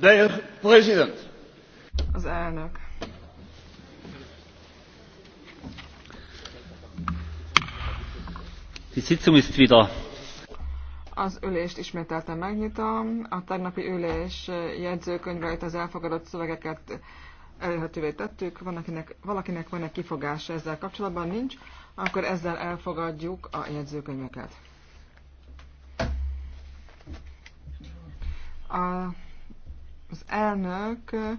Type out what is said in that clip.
Az elnök. Az ülést ismételten megnyitom. A tegnapi ülés jegyzőkönyveit, az elfogadott szövegeket elérhetővé tettük. Van, akinek, valakinek van egy kifogása ezzel kapcsolatban, nincs, akkor ezzel elfogadjuk a jegyzőkönyveket. A az elnök